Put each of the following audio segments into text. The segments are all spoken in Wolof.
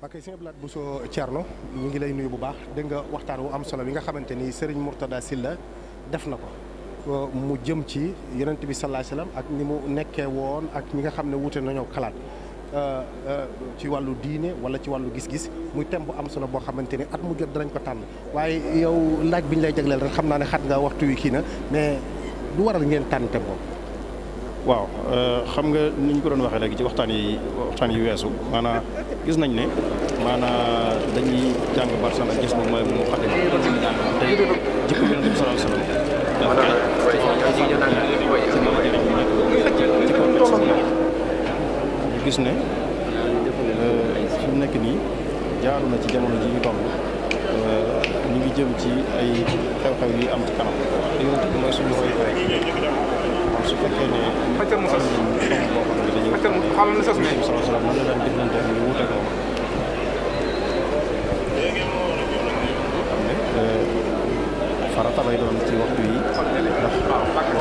ok sëñ Abdou Lahad Bousso Thierno mu ngi lay nuyu bu baax dégg nga waxtaan wu am solo bi nga xamante ni Serigne si la def na ko mu jëm ci yenent bi sallallahu alayhi ak ni mu nekkee woon ak ñi nga xam ne wuute nañoo xalaat euh, euh, ci wàllu diine wala ci wàllu gis-gis mu thème bu am solo boo xamante ni at mu jot danañ ko tànn waaye yow laaj bi ñu lay jagleel rek xam naa ne xat nga waxtu wi kii na mais lu waral ngeen tànn thème waaw euh, xam nga niñ ñu ko doon waxee rek ci waxtaan yi waxtaan yi weesu maanaam gis nañ ne maanaam dañuy jàng barsan ak gis moom mooy mu xadim tey jikko yonent ne euh, fi nekk nii jaaru na ci jamono ji ñu toll euh, ñu ngi jëm ci ay xew-xew yi am ci kanam te yonent bi mooy suñu roy su fekkee ne. xëccal mu sos xëccal mu xamal ne sos mais. mën na daan diggante ak ñu wuute ko. xam ne farata lay doon ci waxtu yi ndax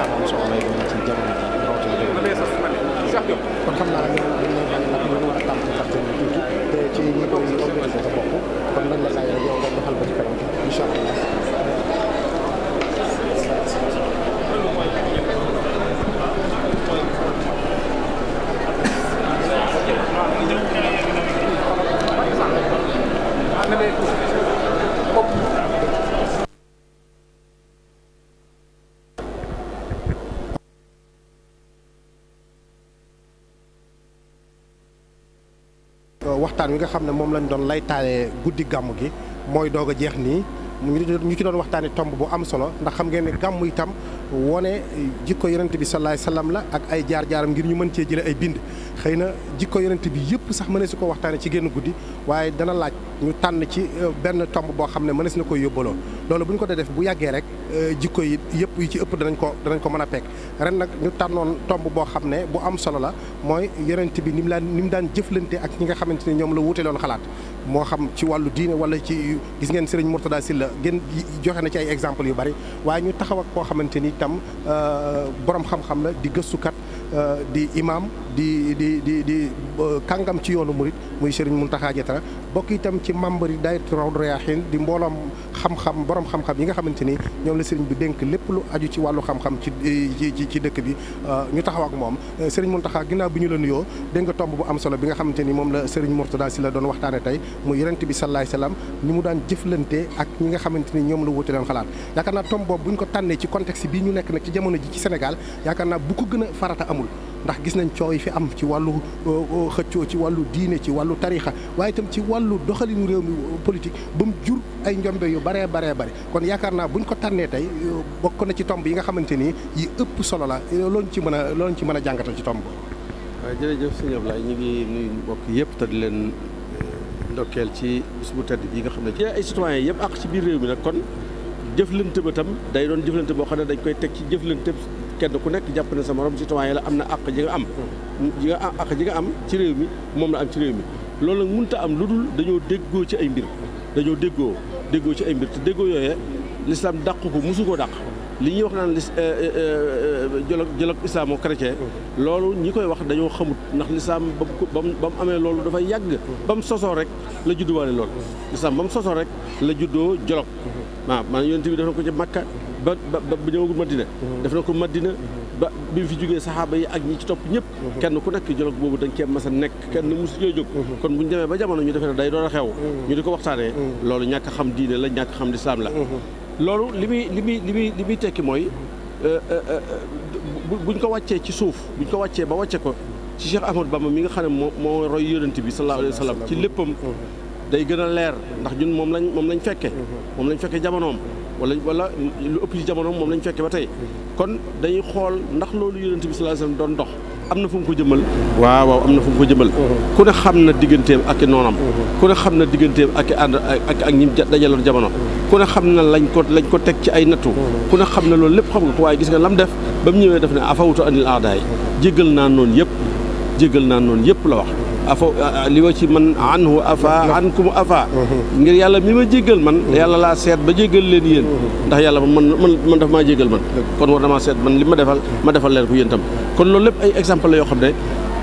am solo lay doon ci jamono ji rawatina déwén. kon xam naa ne ñu ngi lay wax ñu war a tàmm ci kàttan bi tuuti te ci ñi ko organisé sa bopp kon lan la laaj rek yow nga doxal ba ci kanam incha allah. waxtaan wi nga xam ne moom lañu doon lay taalee guddi gàmm gi mooy doog jeex nii ñu ci doon waxtaanee tomb bu am solo ndax xam ngeen ne gàmm itam wone jikko yonent bi salaay salaam la ak ay jaar-jaaram ngir ñu mën cee jëlee ay bind xëy na jikko yonent bi yëpp sax mënee si ko waxtaanee ci génn guddi waaye dana laaj. ñu tànn ci euh, benn tomb boo xam ne mënees na koy yóbbaloo loolu bu ñu ko dee def bu yàggee rek euh, jikko yi yëpp yi ci ëpp danañ ko danañ ko mën a pekk ren nag ñu tànnoon tomb boo xam ne bu am solo la mooy yonent bi ni mu daan ni mu daan jëflante ak ñi nga xamante ni ñoom la wutee loon xalaat moo xam ci wàllu diine wala ci gis ngeen Serigne Mourtada Sylla gën joxe na ci ay exemples yu bari waaye ñu taxaw ak koo xamante ni itam euh, borom xam-xam la di gëstukat di imam di di di di kàngam ci yoonu murit muy Serigne Mountakha Diatara bokk ci membre yi day raw Rayaahiin di mboolam xam-xam borom xam-xam yi nga xamante ni ñoom la sëriñ bi denk lépp lu aju ci wàllu xam-xam ci ci ci dëkk bi euh, ñu taxaw ak moom euh, sëriñ Mountakha ginnaaw bi ñu la nuyoo dégg nga tomb bu am solo bi nga xamante ni moom la sëriñ Mourtada si la doon waxtaane tey mu yonent bi salaay salaam ni mu daan jëflante ak ñi nga xamante ni ñoom la wuute leen xalaat yaakaar naa tomb boobu bu ñu ko tànnee ci contexte bii ñu nekk nag ci jamono ji ci Sénégal yaakaar naa bu ko gën a farata amul ndax gis nañ coow yi fi am ci wàllu euh, xëccoo ci wàllu diine ci wàllu tarixa waaye itam ci wàllu doxalinu réew mi politique ba mu ay njombe yu baree baree bari kon yaakaar naa buñ ko tànnee tey bokk na ci tomb yi nga xamante ni yi ëpp solo la loolu ci mën a loolu ci mën a jàngatal ci tomb waaw jërëjëf sëñ Ablaye ñu ngi nuyu mbokk yëpp te di leen eh, ndokkeel ci bis bu tedd bi nga xam ne ci ay citoyens yëpp ak ci biir réew mi nag kon jëflante ba tam day doon jëflante boo xam ne dañ koy teg ci jëflante kenn ku nekk jàpp na sa morom citoyen la am na àq ji nga am ji nga àq ji nga am ci réew mi moom la am ci réew mi loolu nag mënta am lu dul dañoo déggoo ci ay mbir dañoo déggoo déggoo ci ay mbir te déggoo yooyee l'islam dàq ko mosu ko dàq li ñuy wax naan lis dialogue dialogue islamo chrétien loolu ñi koy wax dañoo xamut ndax lislaam ba mu ba mu amee loolu dafay yàgg ba mu sosoo rek la judduwaale loolu lislaam ba mu sosoo rek la juddoo dialogue waaw man yoon bi def na ko ci Makka ba ba ba ñëwagul Madina def na ko Madina ba bi fi jógee saxaaba yi ak ñi ci topp ñëpp mhm. kenn ku nekk jolof boobu dañ cee ma sa nekk mhm. kenn mosu cee jóg mhm. kon bu buñu demee ba jamono ñu defee day door a xew ñu di ko waxtaanee loolu ñàkk a xam diine la ñàkk xam lislaam la loolu li muy li muy li muy li muy tekki mooy euh, euh, euh, buñ ko wàccee ci suuf buñ ko wàccee ba wàcce ko ci Cheikh ba Bamba mi nga xam ne moo moo roy yonent bi sallallahu alayhi wa sallam ci léppam day gën a leer ndax ñun moom lañ moom lañ fekke moom lañ fekke jamonoom wala wala lu ëpp ci jamono moom lañ fekke ba tey kon dañuy xool ndax loolu yonent bi sallallahu alayhi wasallam doon dox am na fu mu ko jëmal waaw waaw am na fu mu ko jëmal mhm. ku ne xam na digganteem ak i noonam mhm. ku ne xam na digganteem ak ànd ak ak ñi dajaloon jamono mhm. ku ne xam na lañ ko lañ ko teg ci ay nattu ku ne xam na loolu lépp xam nga waaye gis nga lam def ba mu ñëwee def ne afawutu anil aadaay jéggal naa noonu yëpp jégal naa noonu yëpp la wax afa li wa ci man anhu afa ankum afa ngir yàlla mi ma jégal man yàlla laa seet ba jégal leen yéen ndax yàlla man man man dafa maa jégal man kon war na maa seet man li ma defal ma defal leen ko yéen tam kon loolu lépp ay exemple yoo xam ne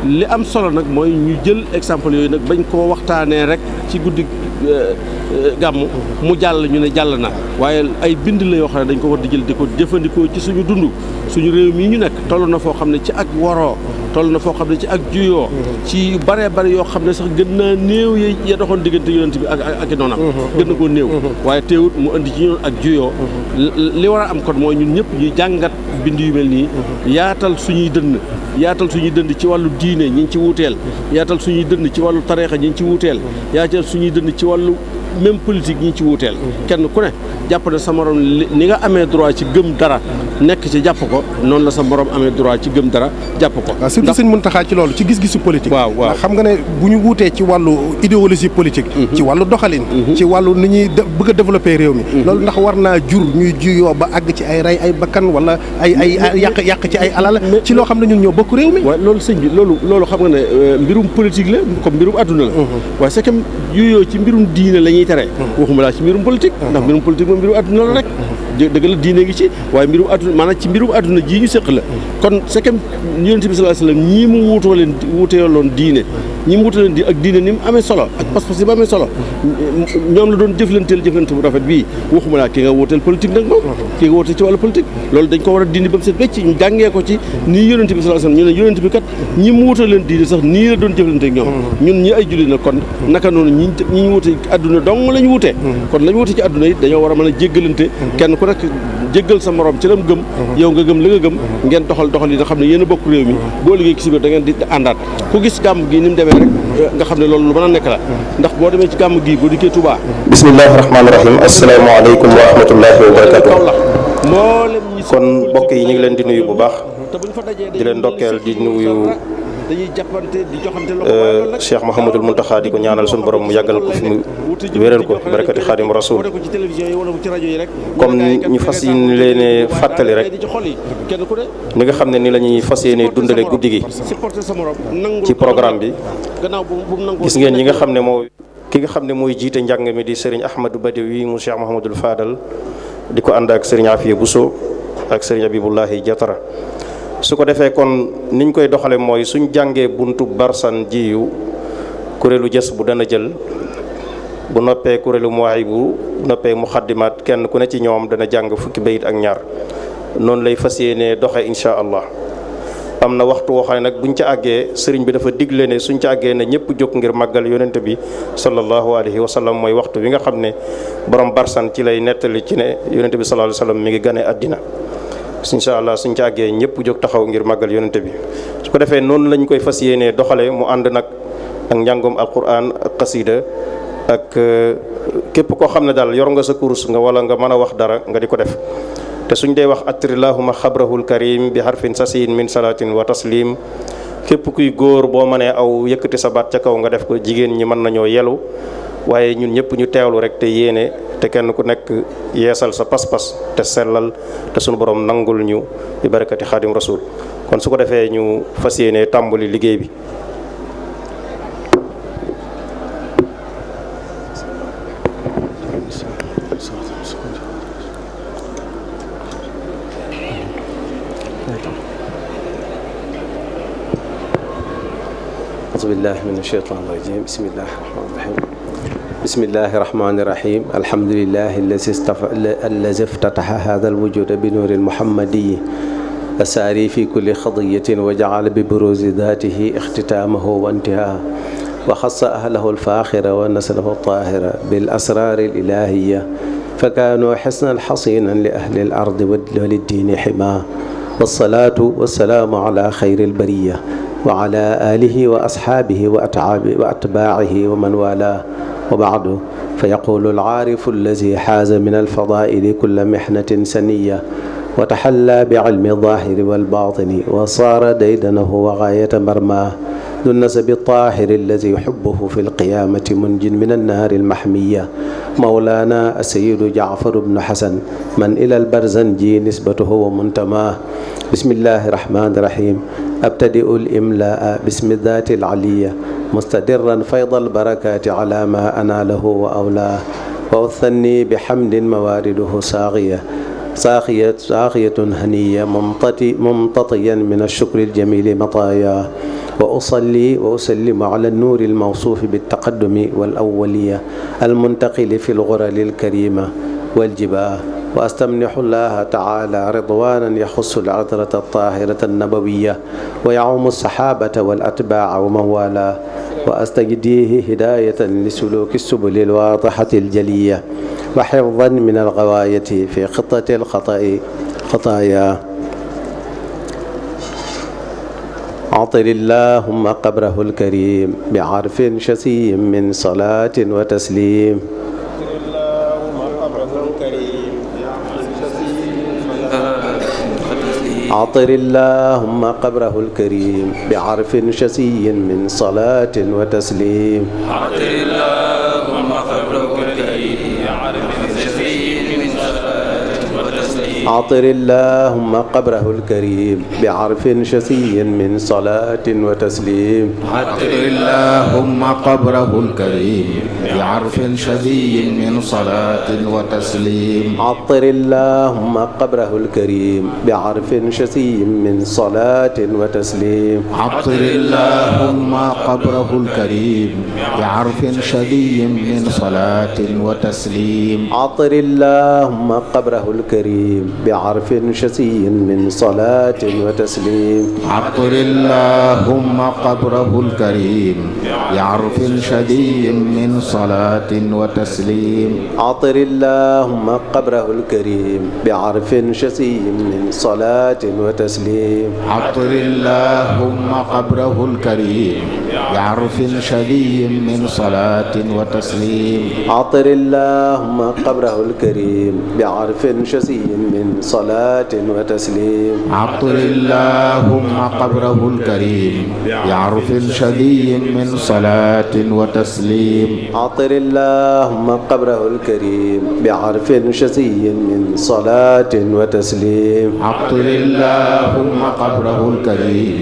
li am solo nag mooy ñu jël exemple yooyu nag bañ koo waxtaanee rek ci guddi euh, euh, gàmmu mu jàll ñu ne jàll na waaye ay bind la yoo xam ne dañ ko war di jël di ko jëfandikoo ci suñu dund suñu réew mi ñu nekk toll na foo xam ne ci ak waroo toll na foo xam ne ci ak juyoo ci yu bare bare yoo xam ne sax gën naa néew ya ya doxoon diggante yonent bi ak ak i noonam gën na koo néew waaye teewut mu indi ci ñoon ak juyoo li war a am kon mooy ñun ñëpp ñuy jàngat bind yu mel nii yaatal suñuy dënn yaatal suñuy dënd ci wàllu diine ñi ngi ci wuteel yaatal suñuy dënd ci wàllu tareexa ñi ngi ci wuuteel yaatal suñuy dënd ci wàllu même politique ñi ci wuuteel kenn ku ne jàpp ne sa morom ni nga amee droit ci gëm dara nekk ci jàpp ko noonu la sa morom amee droit ci gëm dara jàpp ko waaw ah, surtout sëñ Muntaxa ci loolu ci gis-gisu politique waaw waaw xam nga ne bu ñu wuutee ci wàllu idéologie politique mhm. ci wàllu doxalin mhm. ci wàllu ni ñuy bëgg a réew mi mhm. loolu ndax war naa jur ñuy juyoo ba àgg ci ay rey ay bakkan wala ay ay yàq yàq ci ay alal ci loo xam ne ñun ñoo bokk réew mi waaw loolu sëñ loolu loolu xam nga ne euh, mbirum politique la comme mbirum adduna la waaye c'est yi tere waxuma laa ci mbirum politique ndax mbirum politique moom mbirum adduna la rek dëgg la diine ngi ci waaye mbirum adduna maanaam ci mbirum adduna jii ñu sëq la kon sekam yonent bi di ak diine ni mu amee solo ak pas-pas bu rafet bii waxuma laa ki nga wuuteel politique ko war a diine bi sallallahu alayhi wasallam ñu ne yonent sax la doon ñoom ñun ñi ay julli na kon naka noonu ñi ñu wuute adduna dong lañ wute kon lañ wute ci àdduna it dañoo war a mën a jéggalante kenn ku nekk jéggal sa morom ci lam gëm yow nga gëm li nga gëm ngeen doxal doxal yi nga xam ne yéen a bokk réew mi boo liggéey ki si biir da ngeen di àndaat ku gis gàmm gi ni mu demee rek nga xam ne loolu lu mën a nekk la ndax boo demee ci gàmm gii boo dikkee Touba yi ñu ngi leen di bu baax di leen dañuy jàppante di joxante loxo euh, Cheikh Mouhamadul Mountakha di ko ñaanal suñu borom mu yàggal ko fi mu wéral ko barakati xaadim rasul comme ñu fas yéene leen fàttali rek ni nga xam ne ni la ñuy fas yéene dundale guddi gi ci programme bi gis ngeen ñi nga xam ne moo ki nga xam ne mooy jiite njàng mi di sëriñ Ahmadou Badawi mu Cheikh Mouhamadul Fadal di ko ànd ak sëriñ bu Bousso ak sëriñ Abibullahi Jatara su ko defee kon niñ koy doxale mooy suñ jàngee buntu barsan jiyu kuréelu jës bu dana jël bu noppee kuréelu muwaay bu noppee muxaddimaat kenn ku ne ci ñoom dana jàng fukki bayit ak ñaar noonu lay fas yéenee doxe incha allah am na waxtu woo xam ne nag buñ ca àggee sëriñ bi dafa digle ne suñ ci àggee ne ñëpp jóg ngir màggal yonent bi sallallahu alayhi wa mooy waxtu bi nga xam ne borom barsan ci lay nettali ci ne yonent bi sallallahu alayhi wa mi ngi gane àddina incha allah suñ ci àggee ñëpp jóg taxaw ngir màggal yonente bi su ko defee noonu lañ koy fas yéenee doxale mu ànd nag ak njàngoom alquran ak xasida ak euh, képp koo xam ne daal yor nga sa kurus nga wala nga mën a wax dara nga di ko def te suñ dee wax atrilahuma xabrahul karim bi harfin sasin min salatin wa taslim képp kuy góor boo mënee aw yëkkati sa baat ca kaw nga def ko jigéen ñi mën nañoo yelu waaye ñun ñëpp ñu teewlu rek te yéene te kenn ku nekk yeesal sa pas-pas te sellal te sunu borom nangul ñu bi barakati xaadim rasul kon su ko defee ñu fas yéene tàmbali liggéey bi. auzu billaahi mina shaytaani bismillahi rahmaani rahim alhamdulilahi allazi iftataha hada alwujuda bi nuuri lmuhammadiyi assaari fi kulli xadiyatin wa jaala bi buruzi daatihi ixtitaamahu wa intihaa wa xassa ahlahu alfaaxira wa naslahu altaahira bil asraari alilahiya fa kaanoo xisnan xasinan li ahli al ardi wa liddiini ximaa wasalaatu wasalaamu ala xayril bariya wa ala alihi wa asxaabihi wa ataabi wa atbaacihi wa man wala wa baado fa yaqulu alcaarifu allazi xaaza min alfadaili kulla mixnatin saniya wa taxalla bi cilmi aldaahiri walbaatini wa saara daydanahu wa gaayata marmaa ذو النسب الطاهر الذي يحبه في القيامة منج من النار المحمية مولانا السيد جعفر بن حسن من إلى البرزنجي نسبته ومنتماه بسم الله الرحمن الرحيم أبتدئ الإملاء باسم الذات العلية مستدرا فيض البركات على ما أناله وأولاه وأثني بحمد موارده ساغية ساقية ساقية هنية ممتطي ممتطيا من الشكر الجميل مطايا وأصلي وأسلم على النور الموصوف بالتقدم والأولية المنتقل في الغرل الكريمة والجباه wa astamnixu llaha taala ridwanan yaxusu ladrata altahirata annabawiya wa yacumu alsaxabata walatbaa wa man wala wa astagdihi hidayatan lisuluki subuli alwadixati aljaliya wa xifdan min algawaayati fi xitati alxatai xataaya عطل اللهم قبره الكريم بعرف شسي من صلاة وتسليم عطر اللهم قبره الكريم بعرف شسي من صلاة وتسليم عطر اللهم قبره عطر اللهم قبره الكريم بعرف شسي من صلاة وتسليم عطر اللهم قبره الكريم بعرف شذي من صلاة وتسليم عطر اللهم قبره الكريم بعرف شسي من صلاة وتسليم عطر اللهم قبره الكريم بعرف شذي من صلاة وتسليم عطر اللهم قبره الكريم بعرف شسي من صلاة وتسليم عطر اللهم قبره الكريم بعرف شدي من صلاة وتسليم عطر اللهم قبره الكريم بعرف شسي من صلاة وتسليم عطر اللهم قبره الكريم بعرف شدي من صلاة وتسليم عطر اللهم قبره الكريم بعرف شسي من من صلاة وتسليم عطر اللهم قبره الكريم بعرف شدي من صلاة وتسليم عطر اللهم قبره الكريم بعرف شدي من صلاة وتسليم عطر اللهم قبره الكريم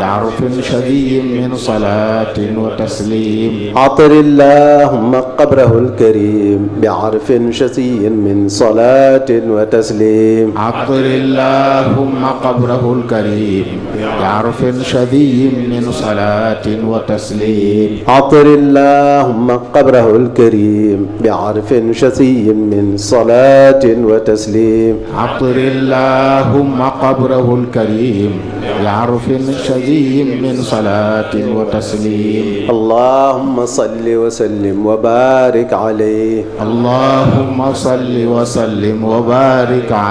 بعرف شدي من صلاة وتسليم عطر اللهم قبره الكريم بعرف شدي من صلاة وتسليم الكريم عطر اللهم قبره الكريم بعرف شذي من صلاة وتسليم عطر اللهم قبره الكريم بعرف شذي من صلاة وتسليم عطر اللهم قبره الكريم بعرف شذي من صلاة وتسليم اللهم صل وسلم وبارك عليه اللهم صل وسلم وبارك عليه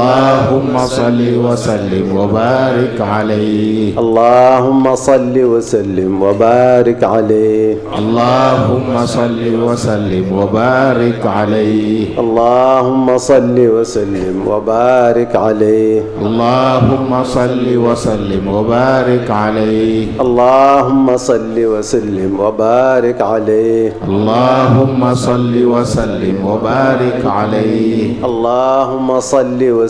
allahumma salli wa sallim wa barik alayhi allahumma salli wa sallim wa barik alayhi allahumma salli wa sallim wa barik alayhi allahumma salli wa sallim wa barik alayhi allahumma salli wa sallim wa barik alayhi allahumma salli wa sallim wa barik alayhi allahumma salli wa sallim wa barik alayhi allahumma salli wa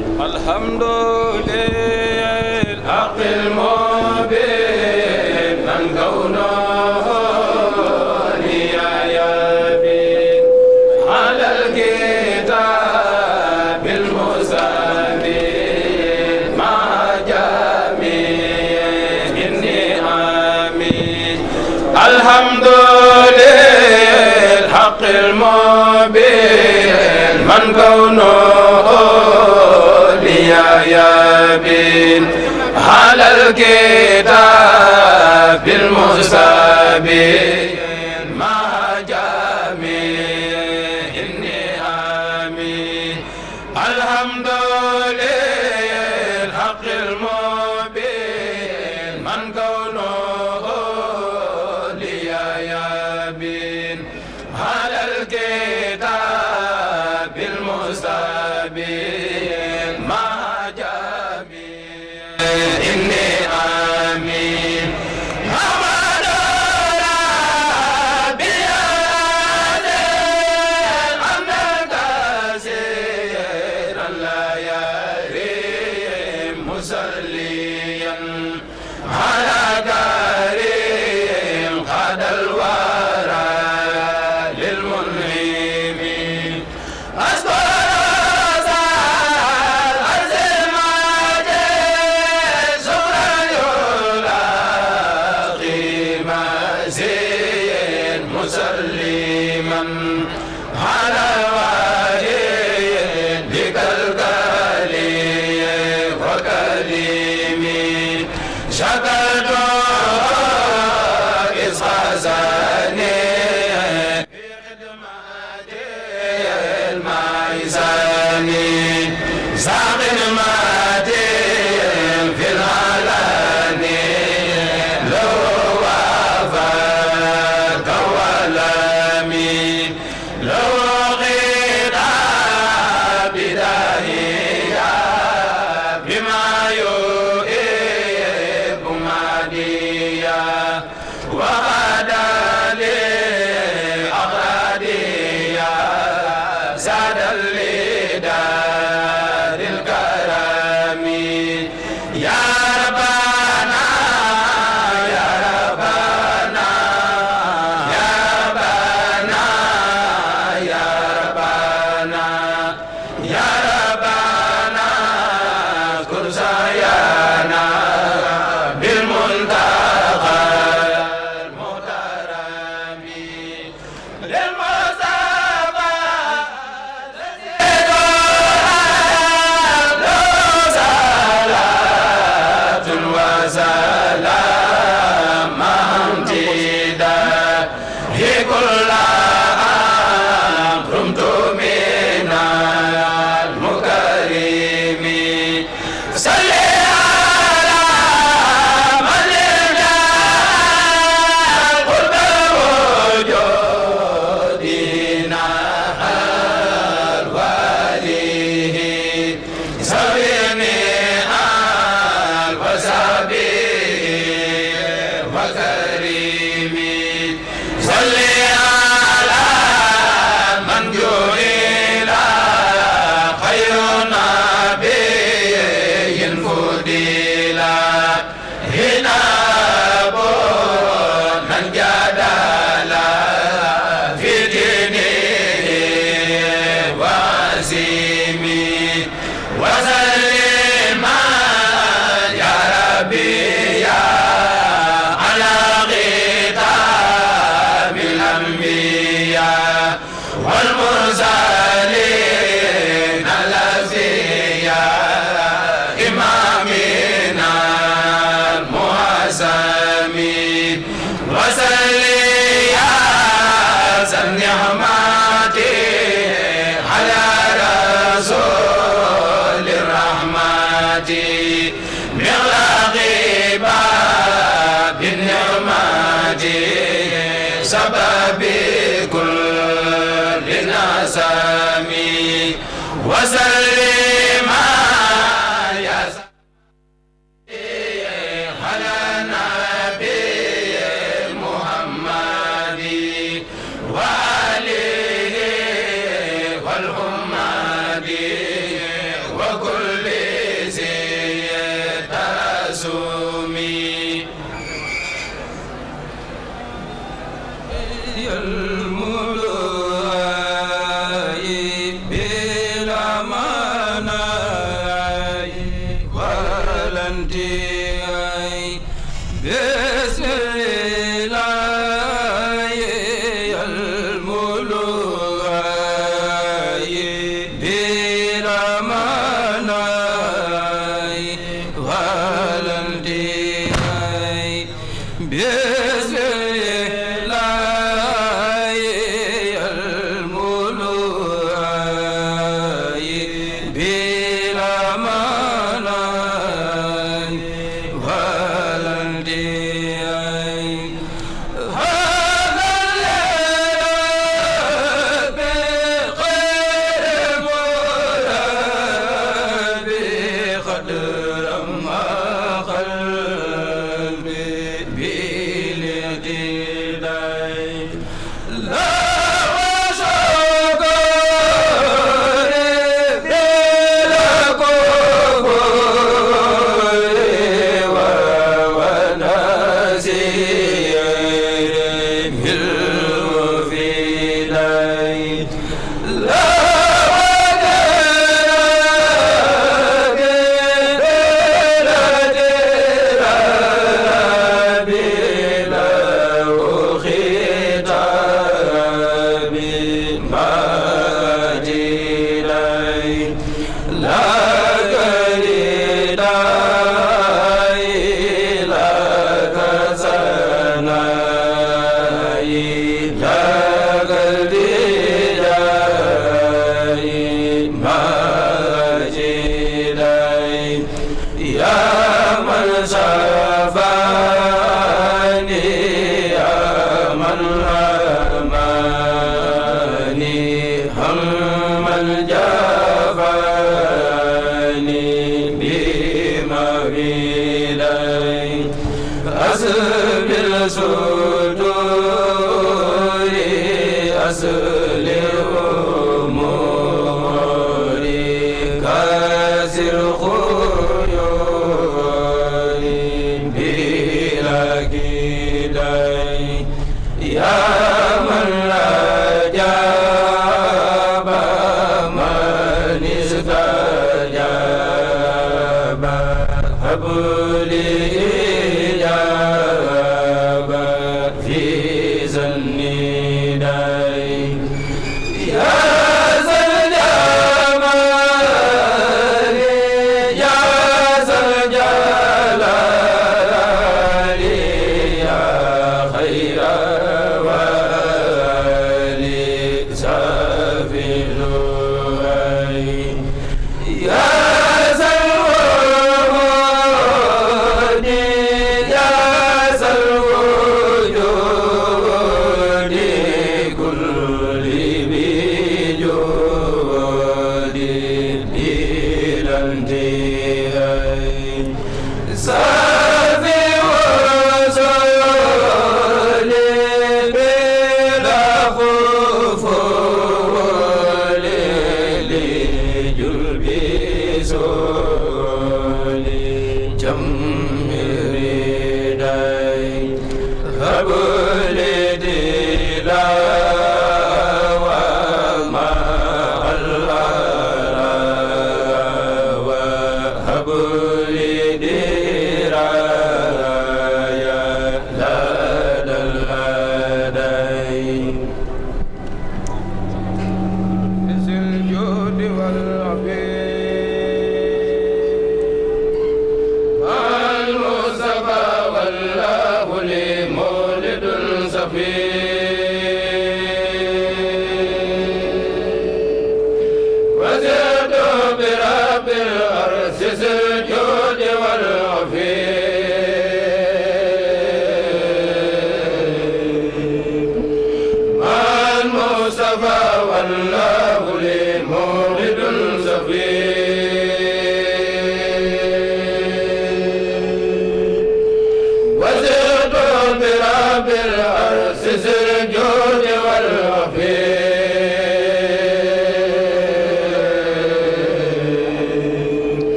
كون أولياء بين على الكتاب المستبين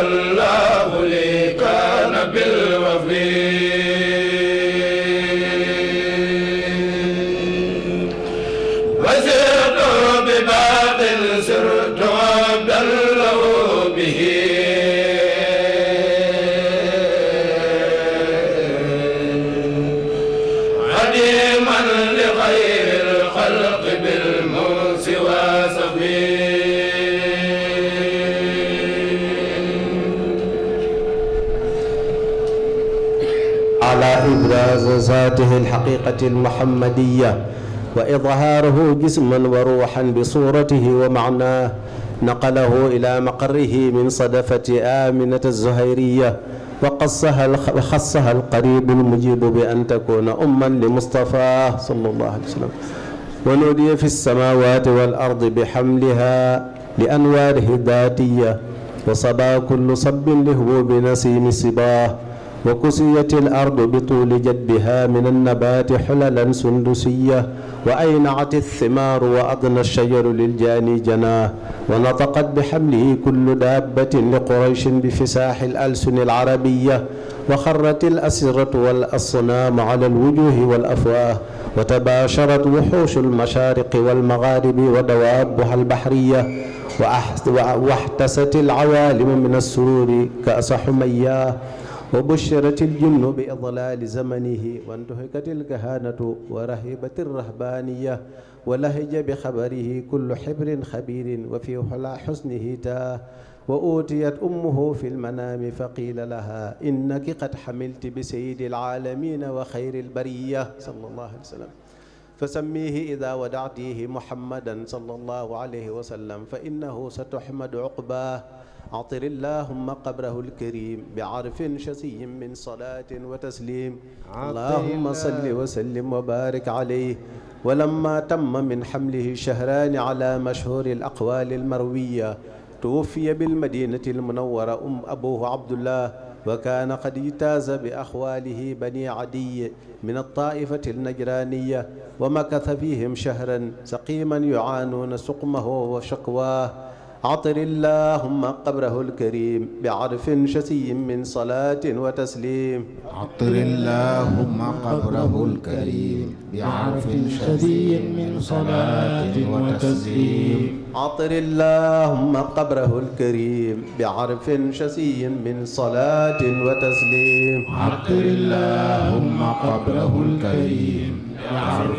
Yàlla صفاته الحقيقة المحمدية وإظهاره جسما وروحا بصورته ومعناه نقله إلى مقره من صدفة آمنة الزهيرية وقصها وخصها القريب المجيب بأن تكون أما لمصطفاه صلى الله عليه وسلم ونودي في السماوات والأرض بحملها لأنواره الذاتية وصبا كل صب لهو بنسيم صباه wa kusiyat al ardu bi tuuli jadbiha min annabaati xulalan sundusiya wa aynaat althimaaru wa adna alshajaru liljaani janaa wa nataqat bixamlihi kullu daabbatin li qurayshin bifisaaxi alalsuni alcarabiya wa xarrat alasiratu walasnaam ala alwujuhi walafwaah wa tabaasharat wuxuushu almashaariqi walmagaaribi wa dawaabuha albahriya wa axtasat alcawaalimu min alsuruuri ka asa xumayaa وبشرت الجن بإضلال زمنه وانتهكت الكهانة ورهبت الرهبانية ولهج بخبره كل حبر خبير وفي حلى حسنه تاه وأوتيت أمه في المنام فقيل لها إنك قد حملت بسيد العالمين وخير البرية صلى الله عليه وسلم فسميه إذا ودعتيه محمدا صلى الله عليه وسلم فإنه ستحمد عقباه عطر اللهم قبره الكريم بعرف شسي من صلاة وتسليم اللهم صل وسلم وبارك عليه ولما تم من حمله شهران على مشهور الأقوال المروية توفي بالمدينة المنورة أم أبوه عبد الله وكان قد اجتاز بأخواله بني عدي من الطائفة النجرانية ومكث فيهم شهرا سقيما يعانون سقمه وشقواه عطر اللهم قبره الكريم بعرف شسي من صلاة وتسليم عطر اللهم قبره الكريم بعرف شسي من صلاة وتسليم عطر اللهم قبره الكريم بعرف شسي من صلاة وتسليم عطر اللهم قبره الكريم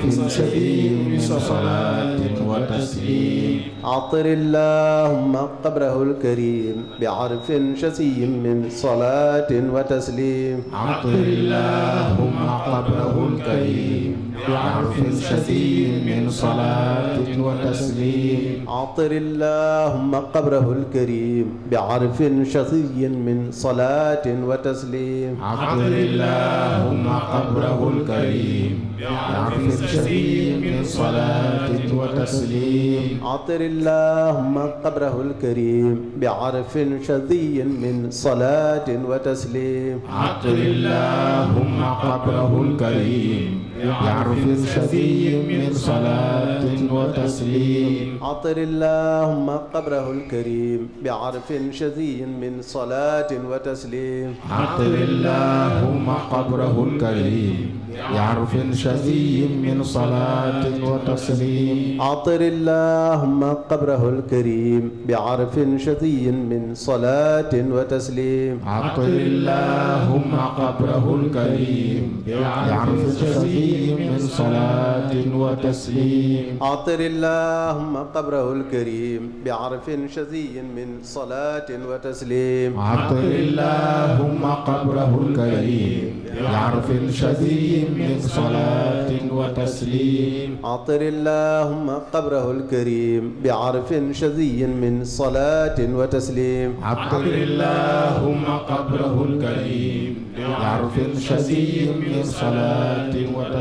في سبيل صلاة وتسليم عطر اللهم قبره الكريم بعرف شسي من صلاة وتسليم عطر اللهم قبره الكريم بعرف شديد من صلاة وتسليم عطر اللهم قبره الكريم بعرف شثي من صلاة وتسليم عطر اللهم قبره الكريم بعرف شثي من صلاة وتسليم عطر اللهم قبره الكريم بعرف شذي من صلاة وتسليم عطر اللهم قبره الكريم يعرف الشدي من صلاة وتسليم عطر اللهم قبره الكريم بعرف شذي من صلاة وتسليم عطر اللهم قبره الكريم بعرف شذي من صلاة وتسليم عطر اللهم قبره الكريم بعرف شذي من صلاة وتسليم عطر اللهم قبره الكريم بعرف شذي من صلاة وتسليم عطر اللهم قبره الكريم بعرف شزي من صلاة وتسليم عطر اللهم قبره الكريم بعرف شزي من صلاة وتسليم عطر اللهم قبره الكريم بعرف شزي من صلاة وتسليم عطر اللهم قبره الكريم بعرف شزي من صلاة وتسليم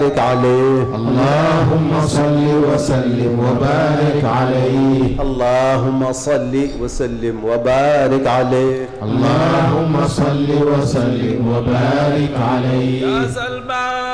وبارك عليه اللهم صل وسلم وبارك عليه اللهم صل وسلم وبارك عليه اللهم صل وسلم وبارك عليه يا سلمان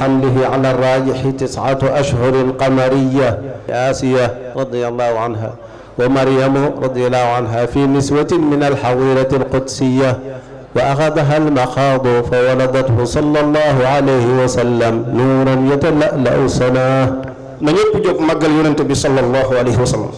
حمله على الراجح تسعة أشهر قمرية آسية رضي الله عنها ومريم رضي الله عنها في نسوة من الحظيرة القدسية وأخذها المخاض فولدته صلى الله عليه وسلم نورا يتلألأ سناه na ñëpp jóg màggal yonent bi sallallahu alayhi wa sallam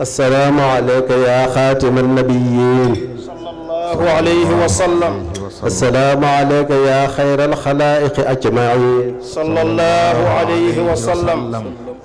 السلام عليك يا خاتم النبيين صلى الله عليه وسلم السلام عليك يا خير الخلائق أجمعين صلى الله عليه وسلم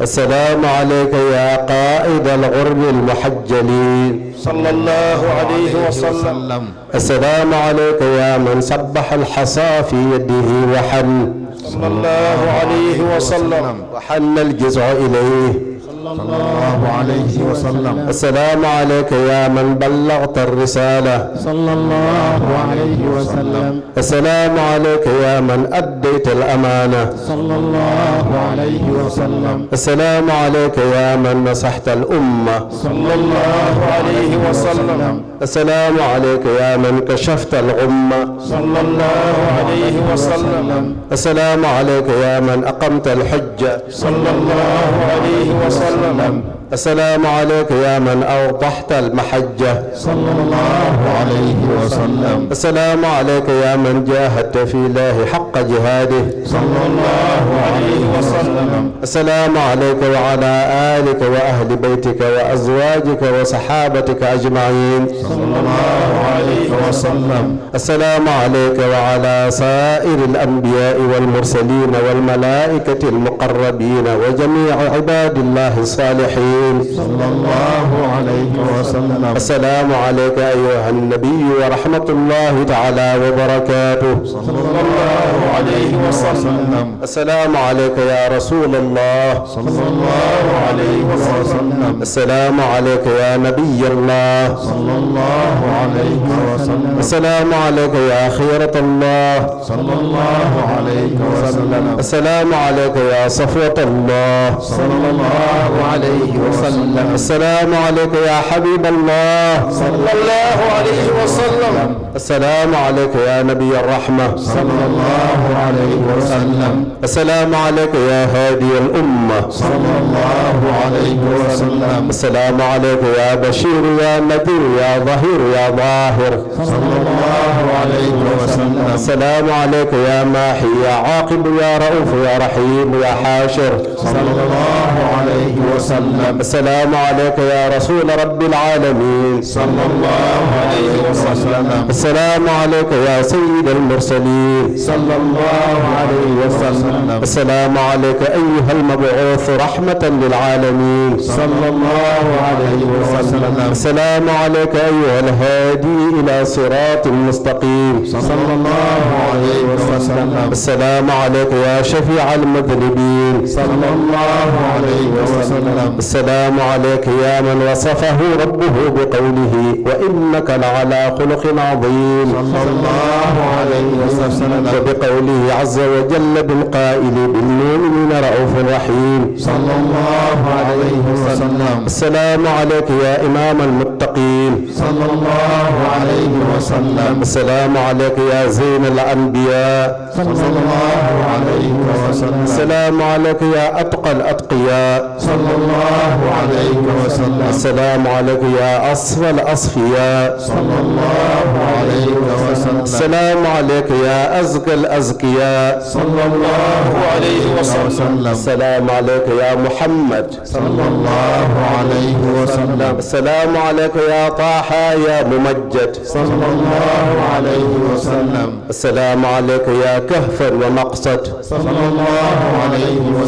السلام عليك يا قائد الغرب المحجلين صلى الله عليه وسلم السلام عليك يا من سبح الحصى في يده وحل صلى الله عليه وسلم وحل الجزع إليه sallallahu alayhi wa sallam assalaamu alayka yaa man ballagta ar-risaala sallallahu alayhi wa sallam assalaamu alayka yaa man addayta al-amaana sallallahu alayhi وسلم السلام عليك يا من نصحت الأمة صلى الله عليه وسلم السلام عليك يا من كشفت الغمة صلى الله عليه وسلم السلام عليك يا من أقمت الحجة صلى الله عليه وسلم السلام عليك يا من أوضحت المحجة صلى الله عليه وسلم السلام عليك يا من جاهدت في الله حق جهاده صلى الله عليه وسلم السلام عليك وعلى آلك وأهل بيتك وأزواجك وصحابتك أجمعين صلى الله عليه وسلم السلام عليك وعلى سائر الأنبياء والمرسلين والملائكة المقربين وجميع عباد الله الصالحين الكريم صلى الله عليه وسلم السلام عليك أيها النبي ورحمة الله تعالى وبركاته صلى الله عليه وسلم السلام عليك يا رسول الله صلى الله عليه وسلم السلام عليك يا نبي الله صلى الله عليه وسلم السلام عليك يا خيرة الله صلى الله عليه وسلم السلام عليك يا صفوة الله صلى الله عليه وسلم وسلم السلام عليك يا حبيب الله صلى الله عليه وسلم السلام عليك يا نبي الرحمة صلى الله عليه وسلم السلام عليك يا هادي الأمة صلى الله عليه وسلم السلام عليك يا بشير يا نذير يا ظهير يا ظاهر صلى الله عليه وسلم السلام عليك يا ماحي يا عاقب يا رؤوف يا رحيم يا حاشر صلى الله عليه عليه وسلم السلام عليك يا رسول رب العالمين صلى الله عليه وسلم السلام عليك يا سيد المرسلين صلى الله عليه وسلم السلام عليك أيها المبعوث رحمة للعالمين صلى الله عليه وسلم السلام عليك أيها الهادي إلى صراط مستقيم صلى الله عليه وسلم السلام عليك يا شفيع المذنبين صلى الله عليه وسلم وسلم السلام عليك يا من وصفه ربه بقوله وإنك لعلى خلق عظيم صلى الله عليه وسلم وبقوله عز وجل بالقائل بالمؤمنين رؤوف رحيم صلى الله عليه وسلم السلام عليك يا إمام المتقين صلى الله عليه وسلم السلام عليك يا زين الأنبياء صلى الله عليه وسلم السلام عليك يا أتقى الأتقياء صلى الله عليه وسلم السلام عليك يا أصفى الأصفياء صلى الله عليه وسلم السلام عليك يا أزكى الأزكياء صلى الله عليه وسلم السلام عليك يا محمد صلى الله عليه وسلم السلام عليك يا طه يا ممجد صلى الله عليه وسلم السلام عليك يا كهفا ومقصد صلى الله عليه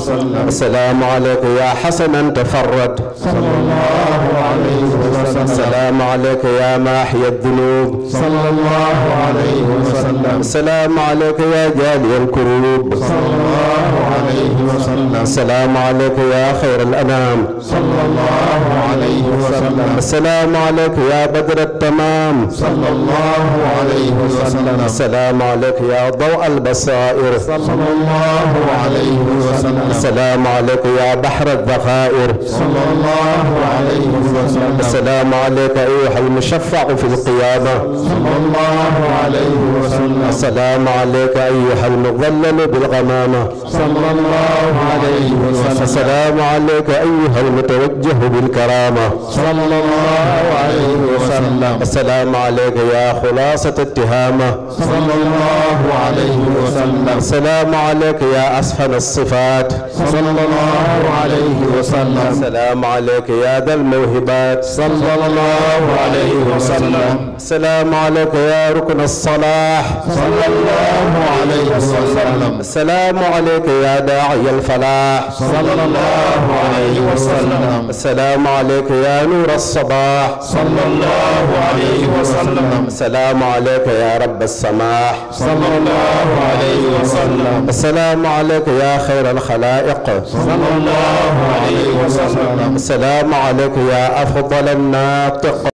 السلام عليك يا حسنا تفرد صلى الله عليه وسلم السلام عليك يا ماحي الذنوب صلى الله عليه وسلم السلام عليك يا جالي الكروب صلى الله عليه وسلم السلام عليك يا خير الأنام صلى الله عليه وسلم السلام عليك يا بدر التمام صلى الله عليه وسلم السلام عليك يا ضوء البصائر صلى الله عليه وسلم السلام عليك يا بحر الذخائر صلى الله عليه وسلم السلام عليك أيها المشفع في القيامة صلى الله عليه وسلم السلام عليك أيها المظلل بالغمامة صلى الله عليه وسلم السلام عليك أيها المتوجه بالكرامة صلى الله عليه وسلم السلام عليك يا خلاصة التهامة صلى الله عليه وسلم السلام عليك يا أسفل الصفات صلى الله عليه وسلم السلام عليك يا ذا الموهبات صلى الله عليه وسلم السلام عليك يا ركن الصلاح صلى الله عليه وسلم السلام عليك يا داعي الفلاح صلى الله عليه وسلم السلام عليك يا نور الصباح صلى الله عليه وسلم السلام عليك يا رب السماح صلى الله عليه وسلم السلام عليك يا خير الخلاق الخلائق صلى الله عليه وسلم السلام عليك يا أفضل الناطق